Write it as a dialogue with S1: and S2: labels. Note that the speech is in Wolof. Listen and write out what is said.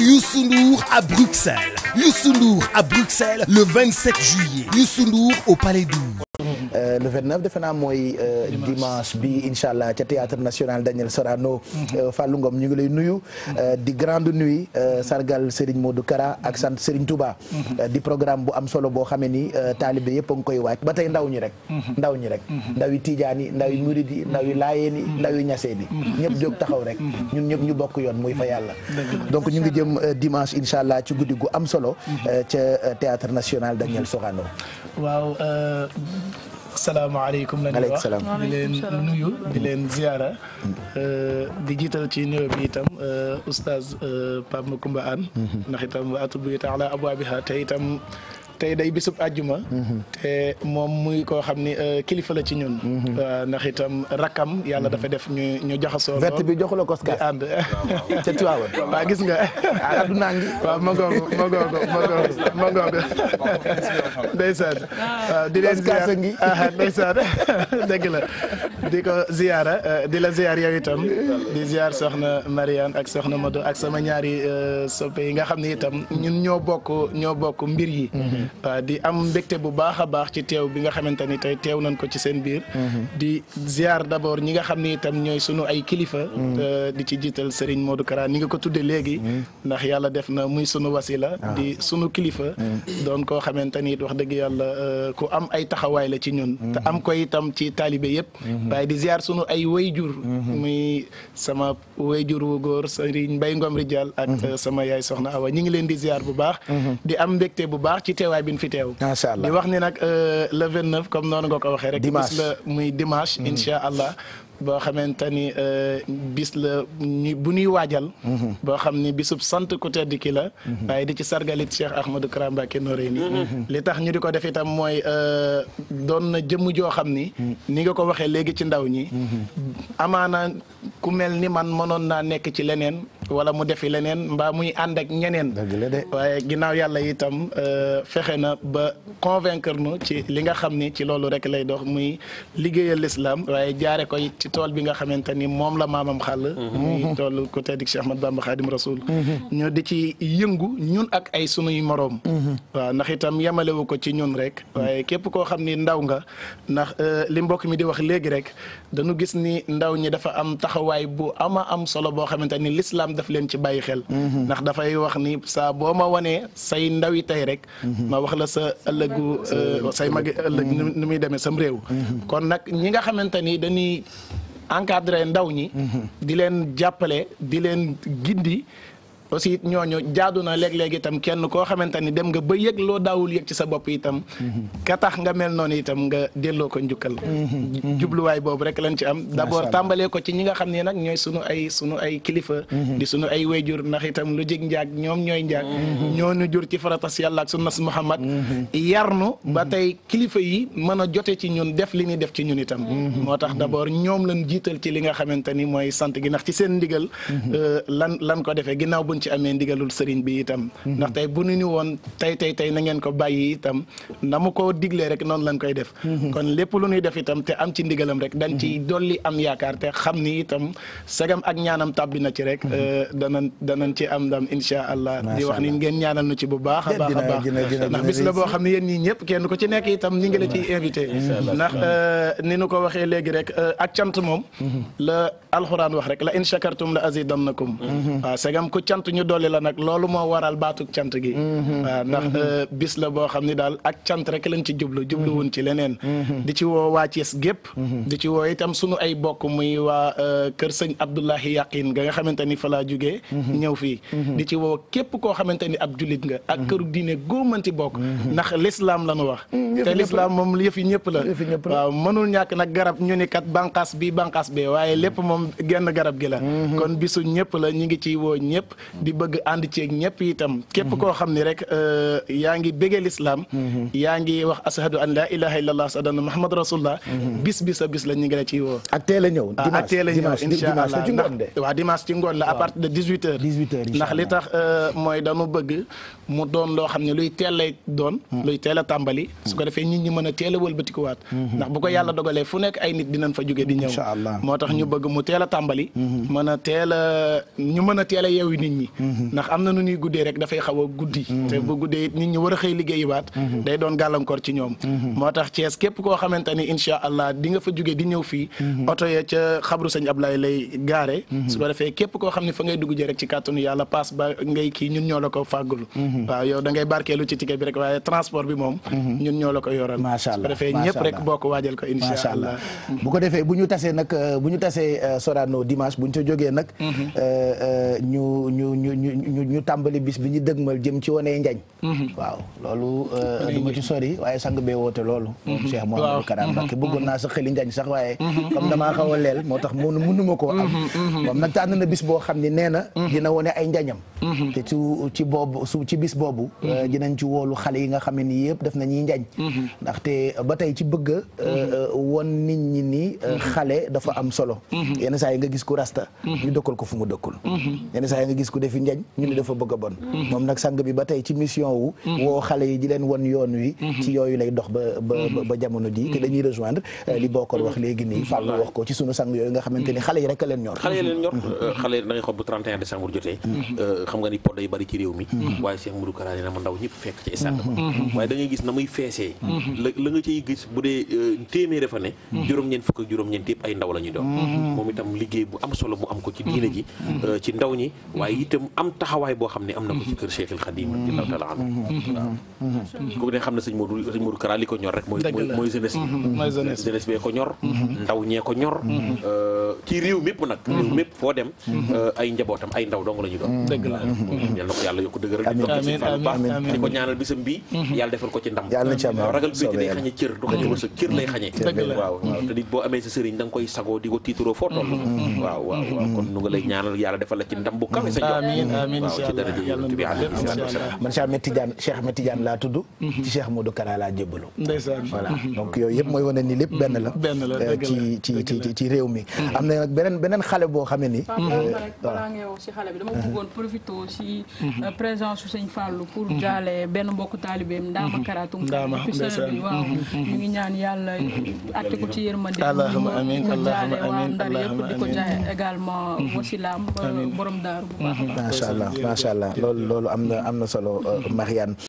S1: Youssou Ndour à Bruxelles Youssou Ndour à Bruxelles le 27 juillet Youssou au Palais 12 Euh, le 29 defe naa mooy. Euh, dimanche bi incha allah ca théâtre national Daniel Sorano. Mhm. Euh, Fallou Ngom ñu ngi lay nuyu. Mhm. di grande nuit sargal Serigne Modou Kara ak sant Serigne Touba. Mhm. di programme bu am solo boo xamee ni taalibe yëpp a ngi koy waaj ba tey ndaw ñi rek. ndaw ñi rek ndaw yi Tidiane yi ndaw yi Mouride yi ndaw yi Laayeen yi ndaw yi Ñaseen yi ñëpp taxaw rek ñun ñu bokk yoon muy fa yàlla. donc ñu ngi jëm dimanche incha allah ci guddi gu am solo. ca théâtre national Daniel
S2: Sorano waaw. salaamaaleykum la ñuy wax di leen nuyu di leen ziara euh, di jiital ci nuyoo bi itam euh, oustaz euh, Pape Makumba Anne mm-hmm. ndax itam wa atubbi taala abwaabiha te itam tey day bisub àjjuma mhm. te moom muy koo xam ni euh, kilifa la ci ñun mhm. euh, ndax itam rakkam yàlla mhm. dafa def ñu ñu jaxasoo vert bi joxu la waaw gis nga adduna ah, ngi waaw ma ngoog ma ah. di ah, la di ko ziara euh, di la ziar yow itam di ziar soxna Mariane ak soxna Modou ak sama ñaari soppe yi nga xam ni itam ñun ñoo bokk ñoo bokk mbir yi Euh, di am mbégte bu baax a baax ci teew bi nga xamante ni tey teew nañ ko ci seen biir. Mhm. di ziar d' abord ñi nga xam ni itam ñooy sunu ay kilifa. Mhm. Euh, di ci jiital Serigne Modou Kara ni nga ko tuddee léegi. Mhm. ndax yàlla def na muy sunu wasila. Ah. di sunu kilifa. doon koo xamante ni wax dëgg yàlla euh, ku am ay taxawaay la ci ñun. te am ko itam ci taalibe yëpp. waaye di ziar sunu ay jur muy sama wayjur wu góor Serigne Mbaye Ngom Ridial ak sama yaay Soxna Awa ñi ngi leen di ziar bu baax. di am mbégte bu baax ci teewaay teewaay bi ñu fi teew. macha allah wax ni nag euh, le 29 comme noonu nga ko waxee rek. dimanche la muy dimanche. Mhm. incha allah. boo xamante ni euh, bis la ñu bu ñuy waajal. Mhm. boo xam ni bisub sant ku di ki la. Mhm. waaye di ci sargalit Cheikh Ahmadou Kara Mbacké Noreyni li tax ñu di ko def itam mooy euh, doon na jëmm joo xam ni. ni nga ko waxee léegi ci ndaw ñi. amaana ku mel ni man mënoon naa nekk ci leneen. wala mu defi leneen mbaa muy ànd ak ñeneen. waaye ginnaaw yàlla itam euh, fexe na ba convaincre nu ci li nga xam ni ci loolu rek lay dox muy liggéeyal lislaam waaye jaare ko ci tool bi nga xamante ni moom la maamam xàll. Mhm. muy toolu ku tedd Cheikh Ahmad Bamba Xaadim Rasul. Mhm. ñu di ci yëngu ñun ak ay sunuy moroom. Mhm. waaw ndax itam yemalewu ko ci ñun rek. waaye képp koo xam ni ndaw nga ndax euh, li mbokk mi di wax léegi rek dañu gis ni ndaw ñi dafa am taxawaay bu ama am solo daf leen ci bàyyi xel mhm. ndax dafay wax ni saa boo ma wanee say ndawi tey rek mhm. ma wax la sa ëllëgu euh, say magi ëllëg mhm. nu muy demee sam réew kon nag ñi nga xamante ni dañuy encadrer ndaw ñi di leen jàppale di leen gindi aussi ñooñu jaadu na léeg-léeg itam kenn koo xamante ni dem nga ba yëg loo daawul yëg ci sa bopp itam ka tax nga mel noonu itam nga delloo ko njukkal jubluwaay boobu rek lañ ci am d'abord tàmbalee ko ci ñi nga xam ne nag ñooy sunu ay sunu ay kilifa mhm. di sunu ay wayjur ndax itam lu jeg njaag ñoom ñooy njaag mhm. ñoo nu jur ci faratas yàlla ak sunnas muhammad mhm. yarnu ba tey kilifa yi mën a jote ci ñun def li ñuy def ci ñun itam moo tax d'abord ñoom lan jiital ci li nga xamante ni mooy sant gi ndax ci seen ndigal euh, lan lan ko defee ginnaaw buñ ci amee ndigalul sëriñ bi itam mhm. ndax tey bu nu ni woon tey tey tey na ngeen ko bàyyi itam na mu ko diglee rek noonu lañ koy def mhm. kon lépp lu ñuy def itam te am ci ndigalam rek dañ ci mhm. dolli am yaakaar te xam ni itam sagam ak ñaanam tàbbi na ci rek euh, danañ danañ ci am ndam insha allah di wax ni ngeen ñaanal nu ci bu baax a baax a ndax bis la boo xam ne yéen ñii ñëpp kenn ko ci nekk itam ñi ngi la invité ndax euh, ni nu ko waxee léegi rek euh, ak cant moom la alxuraan wax rek la in shakartum la azidannakum waaw sagam ku cant yokk la nag loolu moo waral baatug cant gi. Mm-hmm. waaw ndax mm-hmm. euh, bis la boo xam ni daal ak cant rek lañ ci jublu. jubluwun mm-hmm. ci leneen. di ci woo waa Thiès gépp. di ci woo itam sunu ay bokk muy waa euh, kër sëñ Abdoulahi Yaqin ga nga xamante ni fa laa jugee. ñëw fii di ci woo képp koo xamante ni ab jullit nga. ak këru diine góomanti bokk. ndax l'islam la nu wax. te l'islam moom yëf yi ñëpp la. waaw mënul ñàkk nag garab ñu ni kat bànqaas bi bànqaas bee waaye lépp moom genn garab gi la. kon bisu ñëpp di bëgg ànd ceeg ñëpp itam képp koo xam ni rek euh, yaa ngi bëggee lislaam yaa ngi wax ashadu an la ilaha illallah ashadu anna muhammad rasulullah bis bi sa bis la ñu ngi la ci woo ak teel a ñëw ak ah, teel a ñëw incha allah waaw dimanche ci ngoon la à partir de dix huit heures ndax li tax euh, mooy dañu bëgg mu doon loo xam ne luy teel lay doon hmm. luy teel a tàmbali su ko defee nit ñi mën a teel a wëlbatikuwaat hmm. Hmm. ndax bu ko yàlla dogalee fu nekk ay nit dinañ fa jóge di ñëw moo tax ñu bëgg mu teel a tàmbali mën a teel a ñu mën a teel a yeewi nit ñi guddi mm-hmm. ndax am na nu ñuy guddee rek dafay xaw a guddi mm-hmm. te bu guddee it nit ñi war a xëy liggéeyuwaat mm-hmm. day doon gàllankoor ci ñoom moo tax Thiès képp koo xamante ni allah di fa jóge di ñëw fii oto ya ca xabru sëñ Ablaye lay gaare su ko defee képp koo xam ne fa ngay dugg ji rek ci kàttanu yàlla paas ba ngay kii ñun ñoo ko fàggul waaw yow da ngay barkeelu ci ticket bi rek waaye transport bi moom ñun ñoo ko yoral su ko defee ñëpp rek bokk ko incha
S1: ko defee ñu ñu ñu tàmbali bis bi ñu dëgmal jëm ci wane njañ mhm. waaw loolu euh, du ma ci sori waaye sang bee woote loolu mhm. Cheikh Mouhamadou Karam mhm. Mbacké bëggoon naa sa xeli njañ sax waaye comme damaa xaw a leel moo tax mënu mënuma koo am moom nag tànn na bis boo xam ne nee na dina wane ay njañam te ci ci boobu su ci bis boobu euh, dinañ ci woolu xale yi nga xam ne nii yëpp def nañuy njañ ndaxte ba tey ci bëgg euh, won nit ñi ni xale dafa am solo yenn saa yi nga gis ku rasta ñu dëkkal ko fu mu dëkkul
S2: yenn
S1: ku defi njañ ñu ne dafa bëgg a bon moom nag sang bi ba tey ci mission wu woo xale yi di leen won yoon wi ci yooyu lay dox ba ba ba jamono ji te dañuy rejoindre euh, li bokkal wax léegi nii fàllu wax ko ci sunu sang yooyu nga xamante xale yi rek a leen ñor xale yi leen ñor euh, bu 31 décembre jotee euh, bu dee téeméer dafa ne juróom-ñeent fukk ak juróom-ñeent yëpp ay ndaw la doon mm-hmm. moom itam liggéey bu am solo bu am ko ci diine ji ci ndaw ñi waaye itam am taxawaay boo xam ne am na ko ci kër Cheikh El Khadim radiyallahu taala anhu mm-hmm. ku ne xam ne sëñ Modou sëñ Modou Kara li ko ñor rek mooy mm-hmm. mooy jeunesse bi jeunesse bee ko ñor mm-hmm. ndaw ñee ko ñor euh, ci réew mépp nag réew mépp foo dem euh, ay njabootam ay ndaw dong la ñu doon dëgg la yal na ko yàlla yokk dëgëral di topp ci fan baax di ko ñaanal bisam bii yàlla defal ko ci ndam waaw kon nu nga lay ñaanal yàlla defal ci ndam bu kawe sa amiin amiin waaw ci dara yonent bi alayhi salaatu wasalaam man Cheikh Ahmed Tidiane Cheikh Ahmed Tidiane laa tudd mm-hmm. ci Cheikh Modou Kara laa jébbalu ndeysaan voilà mm-hmm. donc yooyu yëpp mooy wane ni lépp benn la mm-hmm. benn la euh, ci ci ci ci réew mi am na nag beneen beneen xale boo xamee ni euh, balaa
S2: ngay wax si xale bi dama bëggoon profité si euh, présence su sëñ Fallou pour jaale benn mbokku taalibeem Ndaama Kara Tunkara waaw ñu ngi ñaan yàlla atte ko ci yërmande allahumma amiin allahumma amiin di ko jaay également wasilaam borom daaru bu baax macha allah macha
S1: allah loolu loolu am na am na solo Marianne